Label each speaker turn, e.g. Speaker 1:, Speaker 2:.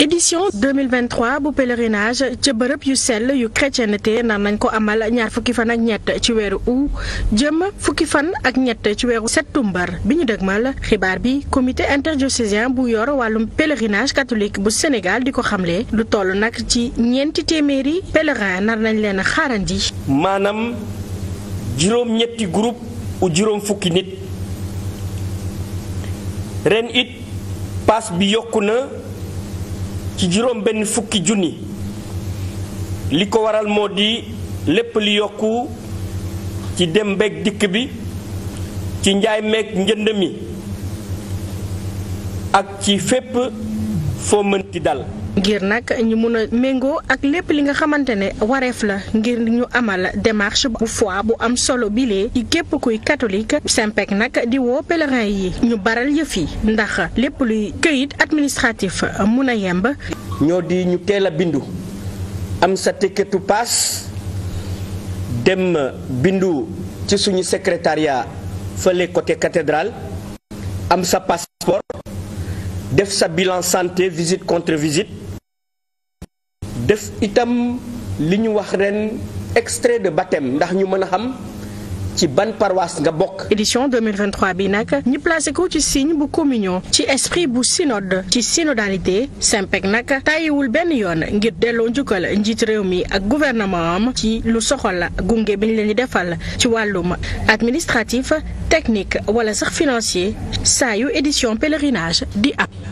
Speaker 1: édition 2023 bu pèlerinage ca bërëb yu sell yu chrétienté nar nañ ko amal ñaar fukki fan ak ñett ci weeru août jëm fukki fan ak ñett ci weeru septembre bi ñu dëgmal xibaar bi comité interdiocésain bu yor wàllum pélérinage catholique bu Sénégal di ko xamle lu toll nag ci ñeenti téeméeri pèlerin nar nañ leen a ji
Speaker 2: maanaam juróom ñetti u juróom fukki nit ren it paas bi yokku na. ci juróom benn fukki junni li ko waral moo di lépp li yokku ci dem beeg dikk bi ci njaay meeg njënd mi ak ci fépp foo mënti dal
Speaker 1: ngir nag ñu mun a méngoo ak lépp li nga xamante ne wareef la ngir ñu amal démarche bu foi bu am solo bilee ci képp kuy catholique Simpec nag di woo pèlerin yi ñu baral yëf ndax lépp luy këyit administratif mun a yemb.
Speaker 2: ñoo di ñu teel a bindu am sa teketu paas dem bindu ci suñu secrétariat fële côté cathédrale am sa passeport def sa bilan santé visite contre visite. def itam li ñu wax ren extrait de baptême ndax ñu mën a xam ci ban paroisse nga bokk.
Speaker 1: édition 2023 bi nag ñu placé ko ci signe bu communion ci esprit bu synode ci synodalité Simpec nag tàyyiwul benn yoon ngir delloo njukkal njiit réew mi ak gouvernement am ci lu soxal gunge bi ñu leen di defal ci wàllum administratif technique wala sax financier saa édition pèlerinage di ab.